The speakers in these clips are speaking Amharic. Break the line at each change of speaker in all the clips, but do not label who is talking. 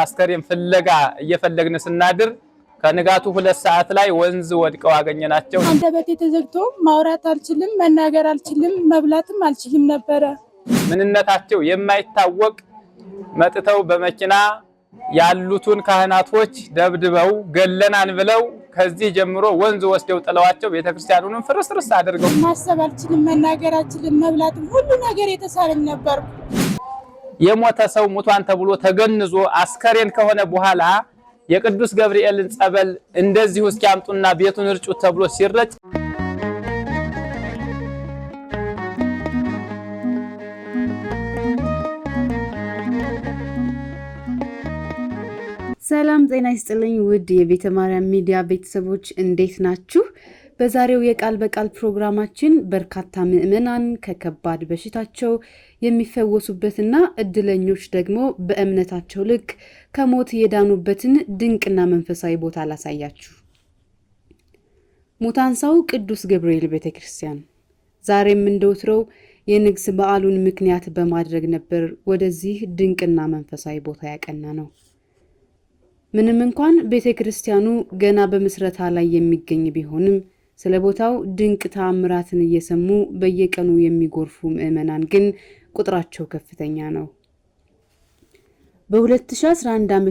አስከሬን ፍለጋ እየፈለግን ስናድር ከንጋቱ ሁለት ሰዓት ላይ ወንዝ ወድቀው አገኘናቸው።
አንደበቴ ተዘግቶ ማውራት አልችልም፣ መናገር አልችልም፣ መብላትም አልችልም ነበረ።
ምንነታቸው የማይታወቅ መጥተው በመኪና ያሉትን ካህናቶች ደብድበው ገለናን ብለው ከዚህ ጀምሮ ወንዝ ወስደው ጥለዋቸው ቤተክርስቲያኑንም ፍርስርስ አድርገው
ማሰብ አልችልም፣ መናገር አልችልም፣ መብላትም ሁሉ ነገር የተሳለኝ ነበርኩ።
የሞተ ሰው ሙቷን ተብሎ ተገንዞ አስከሬን ከሆነ በኋላ የቅዱስ ገብርኤልን ጸበል እንደዚሁ እስኪያምጡና ቤቱን እርጩ ተብሎ ሲረጭ
ሰላም ጤና ይስጥልኝ። ውድ የቤተ ማርያም ሚዲያ ቤተሰቦች እንዴት ናችሁ? በዛሬው የቃል በቃል ፕሮግራማችን በርካታ ምዕመናን ከከባድ በሽታቸው የሚፈወሱበትና እድለኞች ደግሞ በእምነታቸው ልክ ከሞት የዳኑበትን ድንቅና መንፈሳዊ ቦታ ላሳያችሁ። ሙታንሳው ቅዱስ ገብርኤል ቤተ ክርስቲያን ዛሬም እንደወትረው የንግስ በዓሉን ምክንያት በማድረግ ነበር ወደዚህ ድንቅና መንፈሳዊ ቦታ ያቀና ነው። ምንም እንኳን ቤተ ክርስቲያኑ ገና በምስረታ ላይ የሚገኝ ቢሆንም ስለ ቦታው ድንቅ ተአምራትን እየሰሙ በየቀኑ የሚጎርፉ ምዕመናን ግን ቁጥራቸው ከፍተኛ ነው። በ2011 ዓ ም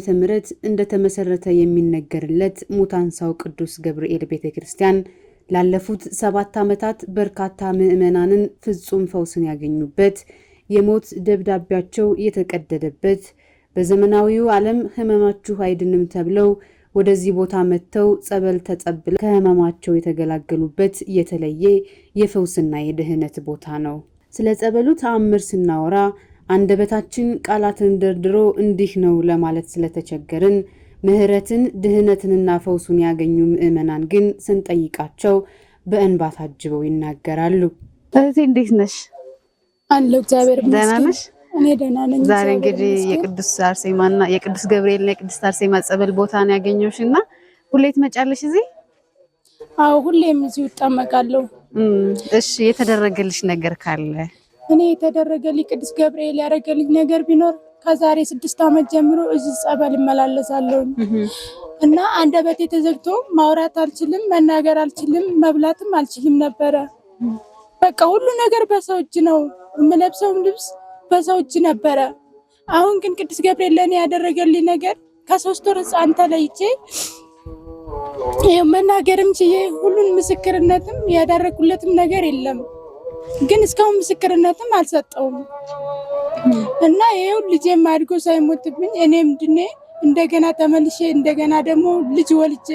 እንደተመሰረተ የሚነገርለት ሙታንሳው ቅዱስ ገብርኤል ቤተ ክርስቲያን ላለፉት ሰባት ዓመታት በርካታ ምዕመናንን ፍጹም ፈውስን ያገኙበት፣ የሞት ደብዳቤያቸው የተቀደደበት፣ በዘመናዊው ዓለም ሕመማችሁ አይድንም ተብለው ወደዚህ ቦታ መጥተው ጸበል ተጸብለው ከህመማቸው የተገላገሉበት የተለየ የፈውስና የድህነት ቦታ ነው። ስለ ጸበሉ ተአምር ስናወራ አንደበታችን ቃላትን ደርድሮ እንዲህ ነው ለማለት ስለተቸገርን ምህረትን ድህነትንና ፈውሱን ያገኙ ምዕመናን ግን ስንጠይቃቸው በእንባ ታጅበው ይናገራሉ።
እህቴ እንዴት ነሽ?
አለሁ እግዚአብሔር ደህና ነሽ?
ዛሬ እንግዲህ የቅዱስ አርሴማና የቅዱስ ገብርኤልና የቅድስት አርሴማ ጸበል ቦታ ነው ያገኘሁሽ እና ሁሌ ትመጫለሽ እዚህ?
አዎ ሁሌም እዚሁ እጠመቃለሁ።
እሺ የተደረገልሽ ነገር ካለ?
እኔ የተደረገልኝ ቅዱስ ገብርኤል ያደረገልኝ ነገር ቢኖር ከዛሬ ስድስት ዓመት ጀምሮ እዚህ ጸበል እመላለሳለሁ እና አንደበቴ ተዘግቶ ማውራት አልችልም፣ መናገር አልችልም፣ መብላትም አልችልም ነበረ። በቃ ሁሉ ነገር በሰው እጅ ነው። የምለብሰውም ልብስ በሰው እጅ ነበረ። አሁን ግን ቅዱስ ገብርኤል ለእኔ ያደረገልኝ ነገር ከሶስት ወር ህፃን ተለይቼ መናገርም ችዬ ሁሉን ምስክርነትም ያደረጉለትም ነገር የለም። ግን እስካሁን ምስክርነትም አልሰጠውም እና ይኸው ልጄም አድጎ ሳይሞትብኝ እኔም ድኔ እንደገና ተመልሼ እንደገና ደግሞ ልጅ ወልጄ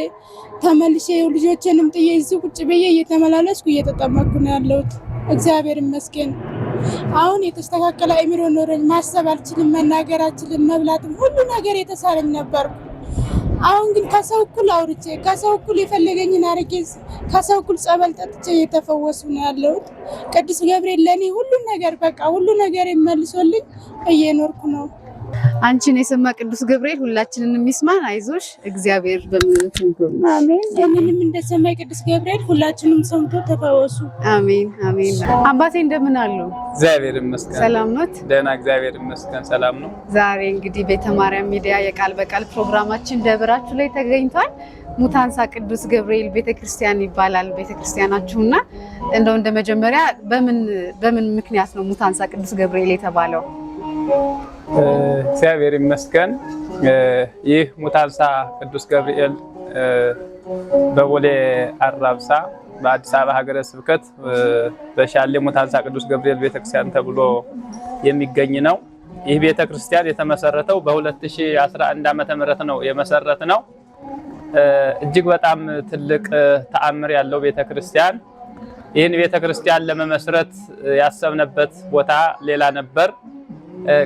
ተመልሼ ልጆቼንም ጥዬ እዚህ ቁጭ ብዬ እየተመላለስኩ እየተጠመኩ ነው ያለሁት። እግዚአብሔር ይመስገን። አሁን የተስተካከለ አእምሮ ኖረኝ፣ ማሰብ አልችልም፣ መናገር አልችልም፣ መብላትም ሁሉ ነገር የተሳለኝ ነበርኩ። አሁን ግን ከሰው እኩል አውርቼ ከሰው እኩል የፈለገኝን አርጌ ከሰው እኩል ጸበል ጠጥቼ እየተፈወሱ ነው ያለሁት። ቅዱስ ገብርኤል ለእኔ ሁሉ ነገር በቃ ሁሉ ነገር የመልሶልኝ እየኖርኩ ነው።
አንቺን የሰማ ቅዱስ ገብርኤል ሁላችንን የሚስማን አይዞሽ፣ እግዚአብሔር በእምነት
ይጎብኝ። እንደሰማ ቅዱስ ገብርኤል ሁላችንም ሰምቶ ተፈወሱ።
አሜን አሜን። አባቴ እንደምን አሉ?
እግዚአብሔር ይመስገን። ሰላም ኖት? ደህና፣ እግዚአብሔር ይመስገን። ሰላም ነው።
ዛሬ እንግዲህ ቤተ ማርያም ሚዲያ የቃል በቃል ፕሮግራማችን ደብራችሁ ላይ ተገኝቷል። ሙታንሳ ቅዱስ ገብርኤል ቤተክርስቲያን ይባላል ቤተክርስቲያናችሁ እና እንደው እንደ መጀመሪያ በምን በምን ምክንያት ነው ሙታንሳ ቅዱስ ገብርኤል የተባለው?
እግዚአብሔር ይመስገን። ይህ ሙታልሳ ቅዱስ ገብርኤል በቦሌ አራብሳ በአዲስ አበባ ሀገረ ስብከት በሻሌ ሙታልሳ ቅዱስ ገብርኤል ቤተክርስቲያን ተብሎ የሚገኝ ነው። ይህ ቤተክርስቲያን የተመሰረተው በ2011 ዓ ም ነው የመሰረት ነው። እጅግ በጣም ትልቅ ተአምር ያለው ቤተክርስቲያን። ይህን ቤተክርስቲያን ለመመስረት ያሰብነበት ቦታ ሌላ ነበር።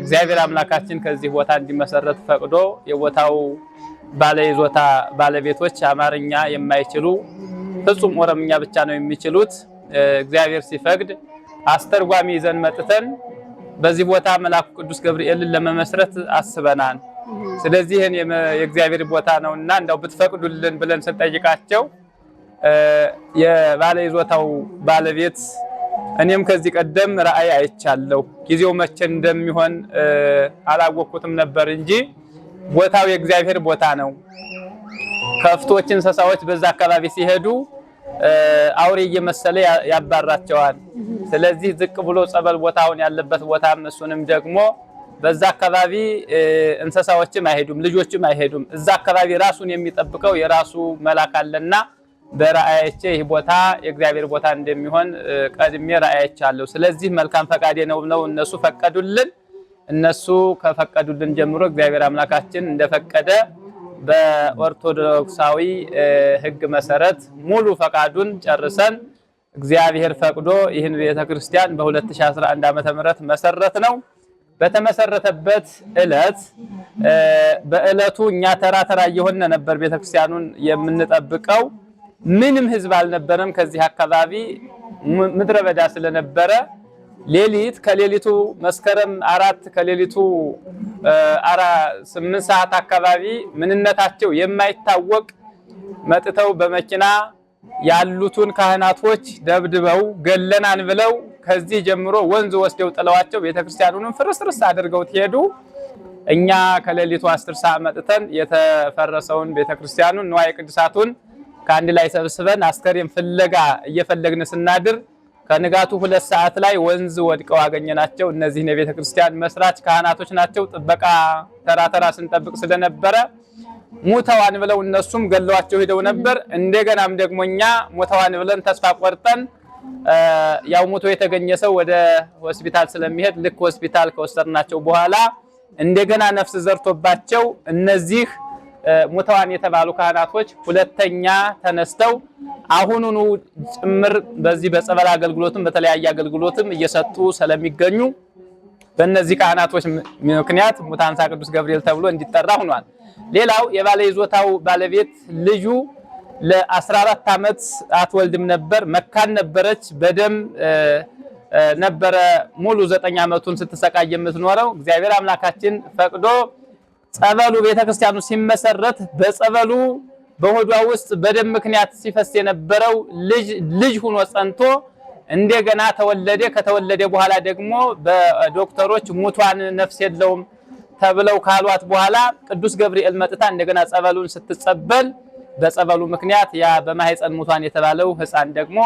እግዚአብሔር አምላካችን ከዚህ ቦታ እንዲመሰረት ፈቅዶ የቦታው ባለይዞታ ባለቤቶች አማርኛ የማይችሉ ፍጹም ኦሮምኛ ብቻ ነው የሚችሉት። እግዚአብሔር ሲፈቅድ አስተርጓሚ ይዘን መጥተን በዚህ ቦታ መልአኩ ቅዱስ ገብርኤልን ለመመስረት አስበናል። ስለዚህ ይህን የእግዚአብሔር ቦታ ነውና እንዳው ብትፈቅዱልን ብለን ስንጠይቃቸው የባለይዞታው ባለቤት እኔም ከዚህ ቀደም ራእይ አይቻለሁ። ጊዜው መቼ እንደሚሆን አላወቅኩትም ነበር እንጂ ቦታው የእግዚአብሔር ቦታ ነው። ከፍቶች፣ እንስሳዎች በዛ አካባቢ ሲሄዱ አውሬ እየመሰለ ያባራቸዋል። ስለዚህ ዝቅ ብሎ ጸበል ቦታውን ያለበት ቦታም እሱንም ደግሞ በዛ አካባቢ እንስሳዎችም አይሄዱም፣ ልጆችም አይሄዱም። እዛ አካባቢ ራሱን የሚጠብቀው የራሱ መላክ አለና በራእያቼ ይህ ቦታ የእግዚአብሔር ቦታ እንደሚሆን ቀድሜ አለው ስለዚህ መልካም ፈቃዴ ነው ነው እነሱ ፈቀዱልን። እነሱ ከፈቀዱልን ጀምሮ እግዚአብሔር አምላካችን እንደፈቀደ በኦርቶዶክሳዊ ሕግ መሰረት ሙሉ ፈቃዱን ጨርሰን እግዚአብሔር ፈቅዶ ይህን ቤተ ክርስቲያን በ2011 ዓ ም መሰረት ነው። በተመሰረተበት እለት በእለቱ እኛ ተራ ተራ እየሆነ ነበር ቤተክርስቲያኑን የምንጠብቀው። ምንም ህዝብ አልነበረም። ከዚህ አካባቢ ምድረ በዳ ስለነበረ ሌሊት ከሌሊቱ መስከረም አራት ከሌሊቱ አራ ስምንት ሰዓት አካባቢ ምንነታቸው የማይታወቅ መጥተው በመኪና ያሉትን ካህናቶች ደብድበው ገለናን ብለው ከዚህ ጀምሮ ወንዝ ወስደው ጥለዋቸው ቤተክርስቲያኑንም ፍርስርስ አድርገው ትሄዱ። እኛ ከሌሊቱ አስር ሰዓት መጥተን የተፈረሰውን ቤተክርስቲያኑን ንዋየ ቅዱሳቱን ከአንድ ላይ ሰብስበን አስከሬን ፍለጋ እየፈለግን ስናድር ከንጋቱ ሁለት ሰዓት ላይ ወንዝ ወድቀው አገኘናቸው። እነዚህን የቤተ ክርስቲያን መስራች ካህናቶች ናቸው። ጥበቃ ተራ ተራ ስንጠብቅ ስለነበረ ሙተዋን ብለው እነሱም ገለዋቸው ሄደው ነበር። እንደገናም ደግሞ እኛ ሙተዋን ብለን ተስፋ ቆርጠን ያው ሙቶ የተገኘ ሰው ወደ ሆስፒታል ስለሚሄድ ልክ ሆስፒታል ከወሰድናቸው በኋላ እንደገና ነፍስ ዘርቶባቸው እነዚህ ሙተዋን የተባሉ ካህናቶች ሁለተኛ ተነስተው አሁኑኑ ጭምር በዚህ በጸበል አገልግሎትም በተለያየ አገልግሎትም እየሰጡ ስለሚገኙ በእነዚህ ካህናቶች ምክንያት ሙታንሳ ቅዱስ ገብርኤል ተብሎ እንዲጠራ ሆኗል። ሌላው የባለ ይዞታው ባለቤት ልዩ ለ14 ዓመት አትወልድም ነበር፣ መካን ነበረች። በደም ነበረ ሙሉ ዘጠኝ ዓመቱን ስትሰቃይ የምትኖረው እግዚአብሔር አምላካችን ፈቅዶ ጸበሉ ቤተክርስቲያኑ ሲመሰረት በጸበሉ በሆዷ ውስጥ በደም ምክንያት ሲፈስ የነበረው ልጅ ልጅ ሆኖ ጸንቶ እንደገና ተወለደ። ከተወለደ በኋላ ደግሞ በዶክተሮች ሙቷን ነፍስ የለውም ተብለው ካሏት በኋላ ቅዱስ ገብርኤል መጥታ እንደገና ጸበሉን ስትጸበል በጸበሉ ምክንያት ያ በማህፀን ሙቷን የተባለው ሕፃን ደግሞ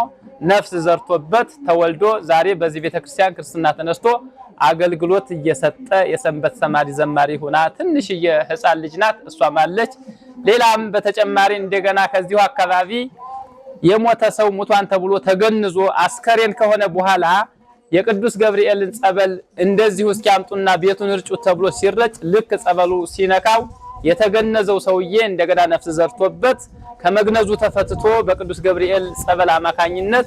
ነፍስ ዘርቶበት ተወልዶ ዛሬ በዚህ ቤተክርስቲያን ክርስትና ተነስቶ አገልግሎት እየሰጠ የሰንበት ተማሪ ዘማሪ ሁና ትንሽዬ ህፃን ልጅ ናት፣ እሷም አለች። ሌላም በተጨማሪ እንደገና ከዚሁ አካባቢ የሞተ ሰው ሙቷን ተብሎ ተገንዞ አስከሬን ከሆነ በኋላ የቅዱስ ገብርኤልን ጸበል እንደዚሁ እስኪያምጡና ቤቱን እርጩ ተብሎ ሲረጭ ልክ ጸበሉ ሲነካው የተገነዘው ሰውዬ እንደገና ነፍስ ዘርቶበት ከመግነዙ ተፈትቶ በቅዱስ ገብርኤል ጸበል አማካኝነት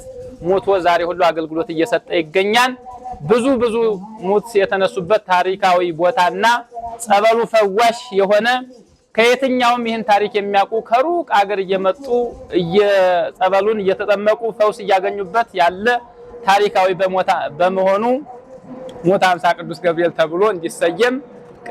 ሞቶ ዛሬ ሁሉ አገልግሎት እየሰጠ ይገኛል። ብዙ ብዙ ሙት የተነሱበት ታሪካዊ ቦታና ጸበሉ ፈዋሽ የሆነ ከየትኛውም ይህን ታሪክ የሚያውቁ ከሩቅ አገር እየመጡ እየጸበሉን እየተጠመቁ ፈውስ እያገኙበት ያለ ታሪካዊ በመሆኑ ሞት አምሳ ቅዱስ ገብርኤል ተብሎ እንዲሰየም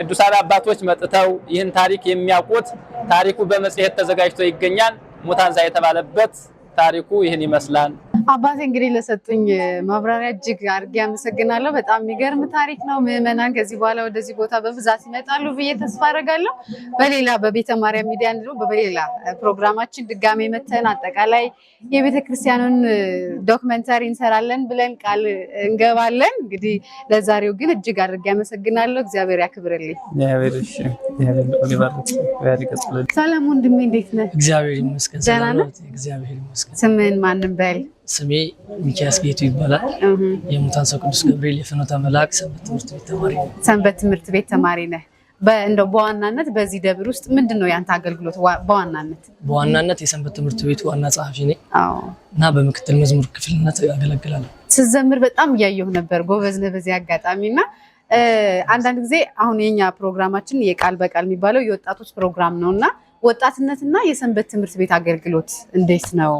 ቅዱሳን አባቶች መጥተው ይህን ታሪክ የሚያውቁት ታሪኩ በመጽሔት ተዘጋጅቶ ይገኛል። ሙታንዛ የተባለበት ታሪኩ ይህን ይመስላል።
አባቴ እንግዲህ ለሰጡኝ ማብራሪያ እጅግ አድርጌ አመሰግናለሁ። በጣም የሚገርም ታሪክ ነው። ምዕመናን ከዚህ በኋላ ወደዚህ ቦታ በብዛት ይመጣሉ ብዬ ተስፋ አደርጋለሁ። በሌላ በቤተ ማርያም ሚዲያ እንዲሁም በሌላ ፕሮግራማችን ድጋሜ መተን አጠቃላይ የቤተ ክርስቲያኑን ዶክመንታሪ እንሰራለን ብለን ቃል እንገባለን። እንግዲህ ለዛሬው ግን እጅግ አድርጌ አመሰግናለሁ። እግዚአብሔር ያክብርልኝ። ሰላም ወንድሜ፣ እንዴት ነህ?
እግዚአብሔር ይመስገን።
ስምህን ማንም በል
ስሜ ሚኪያስ ጌቱ ይባላል። የሙታን ሰው ቅዱስ ገብርኤል የፍኖተ መልአክ ሰንበት ትምህርት ቤት ተማሪ ነው።
ሰንበት ትምህርት ቤት ተማሪ ነህ። እንደው በዋናነት በዚህ ደብር ውስጥ ምንድን ነው ያንተ አገልግሎት? በዋናነት
በዋናነት የሰንበት ትምህርት ቤቱ ዋና ጸሐፊ ነኝ እና በምክትል መዝሙር ክፍልነት ያገለግላል።
ስዘምር በጣም እያየሁ ነበር። ጎበዝ ነህ በዚህ አጋጣሚ እና አንዳንድ ጊዜ አሁን የኛ ፕሮግራማችን የቃል በቃል የሚባለው የወጣቶች ፕሮግራም ነው እና ወጣትነትና የሰንበት ትምህርት ቤት አገልግሎት እንዴት ነው?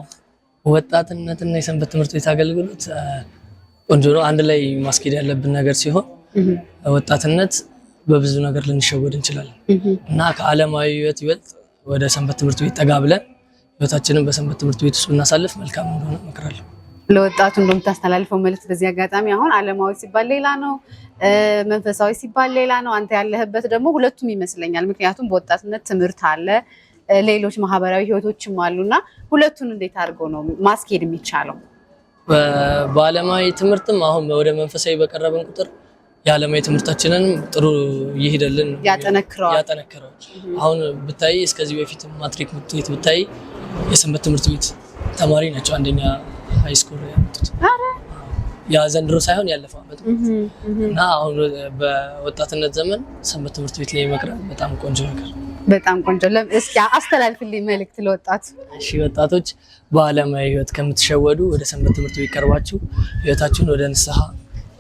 ወጣትነትና የሰንበት ትምህርት ቤት አገልግሎት ቆንጆ ነው። አንድ ላይ ማስኬድ ያለብን ነገር ሲሆን ወጣትነት በብዙ ነገር ልንሸወድ እንችላለን እና ከዓለማዊ ህይወት ይበልጥ ወደ ሰንበት ትምህርት ቤት ጠጋ ብለን በሰንበት ትምህርት ቤት ውስጥ ብናሳልፍ መልካም እንደሆነ እመክራለሁ።
ለወጣቱ እንደምታስተላልፈው መልዕክት በዚህ አጋጣሚ አሁን ዓለማዊ ሲባል ሌላ ነው፣ መንፈሳዊ ሲባል ሌላ ነው። አንተ ያለህበት ደግሞ ሁለቱም ይመስለኛል። ምክንያቱም በወጣትነት ትምህርት አለ ሌሎች ማህበራዊ ህይወቶችም አሉና ሁለቱን እንዴት አድርገው ነው ማስኬድ የሚቻለው?
በዓለማዊ ትምህርትም አሁን ወደ መንፈሳዊ በቀረበን ቁጥር የዓለማዊ ትምህርታችንን ጥሩ ይሄደልን
ያጠነክረዋል።
አሁን ብታይ እስከዚህ በፊት ማትሪክ ውጤት ብታይ የሰንበት ትምህርት ቤት ተማሪ ናቸው አንደኛ ሃይስኩል ያመጡት ያ ዘንድሮ ሳይሆን ያለፈው ዓመት እና አሁን በወጣትነት ዘመን ሰንበት ትምህርት ቤት ላይ መቅረብ በጣም ቆንጆ ነገር
በጣም ቆንጆ። እስኪ አስተላልፍልኝ መልእክት ለወጣት።
እሺ ወጣቶች በዓለማዊ ህይወት ከምትሸወዱ ወደ ሰንበት ትምህርት ቤት ቀርባችሁ ህይወታችሁን ወደ ንስሐ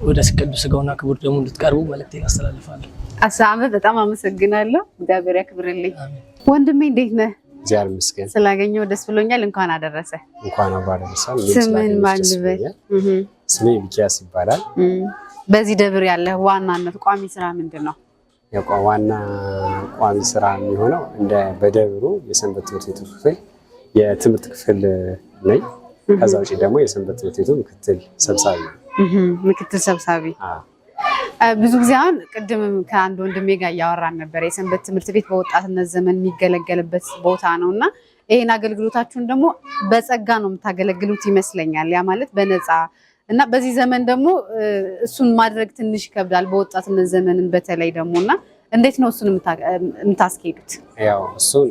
ወደ ቅዱስ ስጋውና ክቡር ደግሞ እንድትቀርቡ መልእክቴን አስተላልፋለሁ።
አሳመ በጣም አመሰግናለሁ። እግዚአብሔር ያክብርልኝ። ወንድሜ እንዴት ነህ?
እግዚአብሔር ይመስገን
ስላገኘሁ ደስ ብሎኛል። እንኳን አደረሰ።
እንኳን አደረሳል።
ስምን ማን ልበል?
ስሜ ሚኪያስ ይባላል።
በዚህ ደብር ያለህ ዋናነት ቋሚ ስራ ምንድን ነው?
ዋና ቋሚ ስራ የሚሆነው እንደ በደብሩ የሰንበት ትምህርት ቤቱ ክፍል የትምህርት ክፍል ነኝ። ከዛ ውጭ ደግሞ የሰንበት ትምህርት ቤቱ ምክትል ሰብሳቢ
ምክትል ሰብሳቢ። ብዙ ጊዜ አሁን ቅድምም ከአንድ ወንድሜ ጋር እያወራን ነበር። የሰንበት ትምህርት ቤት በወጣትነት ዘመን የሚገለገልበት ቦታ ነው እና ይህን አገልግሎታችሁን ደግሞ በጸጋ ነው የምታገለግሉት ይመስለኛል። ያ ማለት በነፃ እና በዚህ ዘመን ደግሞ እሱን ማድረግ ትንሽ ይከብዳል፣ በወጣትነት ዘመንን በተለይ ደግሞ እና እንዴት ነው እሱን የምታስኬዱት?
ያው እሱን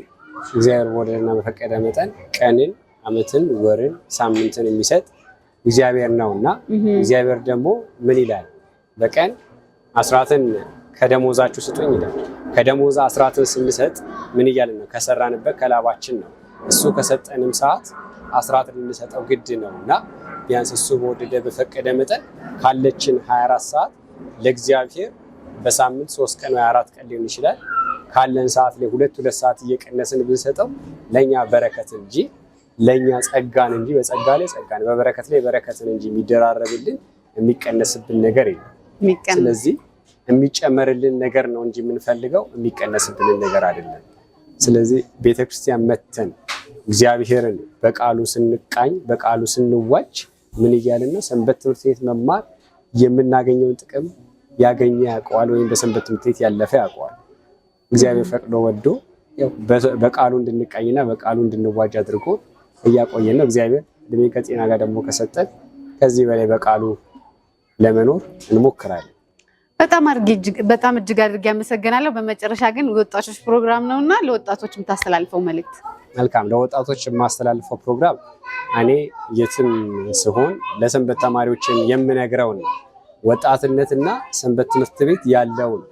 እግዚአብሔር በወደደና በፈቀደ መጠን ቀንን፣ አመትን፣ ወርን፣ ሳምንትን የሚሰጥ እግዚአብሔር ነው እና እግዚአብሔር ደግሞ ምን ይላል? በቀን አስራትን ከደሞዛችሁ ስጡኝ ይላል። ከደሞዛ አስራትን ስንሰጥ ምን እያልን ነው? ከሰራንበት ከላባችን ነው። እሱ ከሰጠንም ሰዓት አስራትን ልንሰጠው ግድ ነው እና ቢያንስ እሱ በወደደ በፈቀደ መጠን ካለችን 24 ሰዓት ለእግዚአብሔር በሳምንት ሶስት ቀን ወይ አራት ቀን ሊሆን ይችላል ካለን ሰዓት ላይ ሁለት ሁለት ሰዓት እየቀነስን ብንሰጠው ለእኛ በረከት እንጂ ለእኛ ጸጋን እንጂ በጸጋ ላይ ጸጋን በበረከት ላይ በረከትን እንጂ የሚደራረብልን የሚቀነስብን ነገር የለም። ስለዚህ የሚጨመርልን ነገር ነው እንጂ የምንፈልገው የሚቀነስብልን ነገር አይደለም። ስለዚህ ቤተክርስቲያን መተን እግዚአብሔርን በቃሉ ስንቃኝ በቃሉ ስንዋጅ ምን እያልን ነው? ሰንበት ትምህርት ቤት መማር የምናገኘውን ጥቅም ያገኘ ያውቀዋል፣ ወይም በሰንበት ትምህርት ቤት ያለፈ ያውቀዋል። እግዚአብሔር ፈቅዶ ወዶ በቃሉ እንድንቃኝና በቃሉ እንድንዋጅ አድርጎ እያቆየን ነው። እግዚአብሔር እድሜ ከጤና ጋር ደግሞ ከሰጠን ከዚህ በላይ በቃሉ ለመኖር እንሞክራለን።
በጣም አድርጌ በጣም እጅግ አድርጌ አመሰግናለሁ። በመጨረሻ ግን ወጣቶች ፕሮግራም ነው እና ለወጣቶች የምታስተላልፈው መልእክት
መልካም ለወጣቶች የማስተላልፈው ፕሮግራም እኔ የትም ስሆን ለሰንበት ተማሪዎችን የምነግረውን ወጣትነትና ሰንበት ትምህርት ቤት ያለውን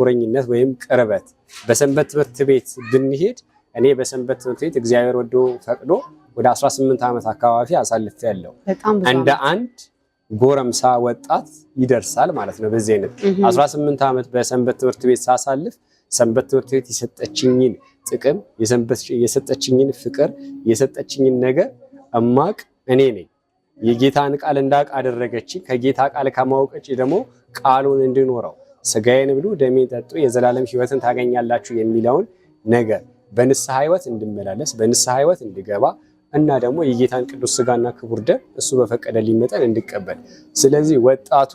ቁርኝነት ወይም ቅርበት በሰንበት ትምህርት ቤት ብንሄድ እኔ በሰንበት ትምህርት ቤት እግዚአብሔር ወዶ ፈቅዶ ወደ 18 ዓመት አካባቢ አሳልፍ ያለው እንደ አንድ ጎረምሳ ወጣት ይደርሳል ማለት ነው። በዚህ አይነት 18 ዓመት በሰንበት ትምህርት ቤት ሳሳልፍ ሰንበት ትምህርት ቤት የሰጠችኝን ጥቅም የሰጠችኝን ፍቅር የሰጠችኝን ነገር እማቅ እኔ ነኝ። የጌታን ቃል እንዳቅ አደረገችኝ። ከጌታ ቃል ከማወቀች ደግሞ ቃሉን እንድኖረው ስጋዬን ብሉ ደሜን ጠጡ የዘላለም ሕይወትን ታገኛላችሁ የሚለውን ነገር በንስሐ ሕይወት እንድመላለስ በንስሐ ሕይወት እንድገባ እና ደግሞ የጌታን ቅዱስ ስጋና ክቡር ደም እሱ በፈቀደ ሊመጠን እንድቀበል። ስለዚህ ወጣቱ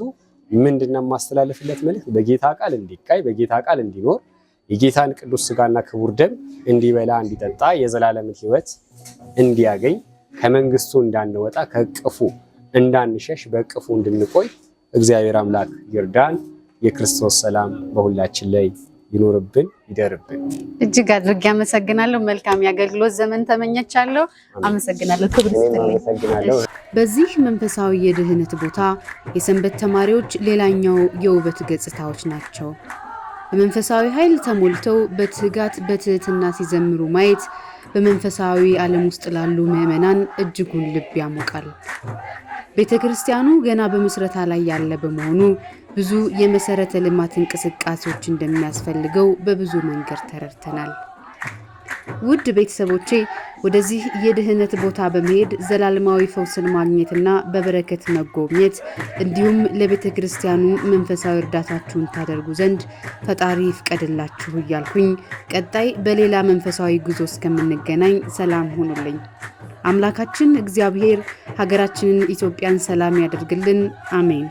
ምንድነው የማስተላለፍለት መልእክት? በጌታ ቃል እንዲቃይ፣ በጌታ ቃል እንዲኖር የጌታን ቅዱስ ስጋና ክቡር ደም እንዲበላ እንዲጠጣ የዘላለምን ህይወት እንዲያገኝ ከመንግስቱ እንዳንወጣ ከእቅፉ እንዳንሸሽ በእቅፉ እንድንቆይ እግዚአብሔር አምላክ ይርዳን። የክርስቶስ ሰላም በሁላችን ላይ ይኖርብን ይደርብን።
እጅግ አድርጌ አመሰግናለሁ። መልካም የአገልግሎት ዘመን ተመኘቻለሁ። አመሰግናለሁ። ክብር
በዚህ መንፈሳዊ የድህነት ቦታ የሰንበት ተማሪዎች ሌላኛው የውበት ገጽታዎች ናቸው። በመንፈሳዊ ኃይል ተሞልተው በትጋት በትህትና ሲዘምሩ ማየት በመንፈሳዊ ዓለም ውስጥ ላሉ ምዕመናን እጅጉን ልብ ያሞቃል። ቤተ ክርስቲያኑ ገና በምስረታ ላይ ያለ በመሆኑ ብዙ የመሰረተ ልማት እንቅስቃሴዎች እንደሚያስፈልገው በብዙ መንገድ ተረድተናል። ውድ ቤተሰቦቼ ወደዚህ የድህነት ቦታ በመሄድ ዘላለማዊ ፈውስን ማግኘትና በበረከት መጎብኘት እንዲሁም ለቤተ ክርስቲያኑ መንፈሳዊ እርዳታችሁን ታደርጉ ዘንድ ፈጣሪ ይፍቀድላችሁ እያልኩኝ ቀጣይ በሌላ መንፈሳዊ ጉዞ እስከምንገናኝ ሰላም ሆኑልኝ። አምላካችን እግዚአብሔር ሀገራችንን ኢትዮጵያን ሰላም ያደርግልን። አሜን።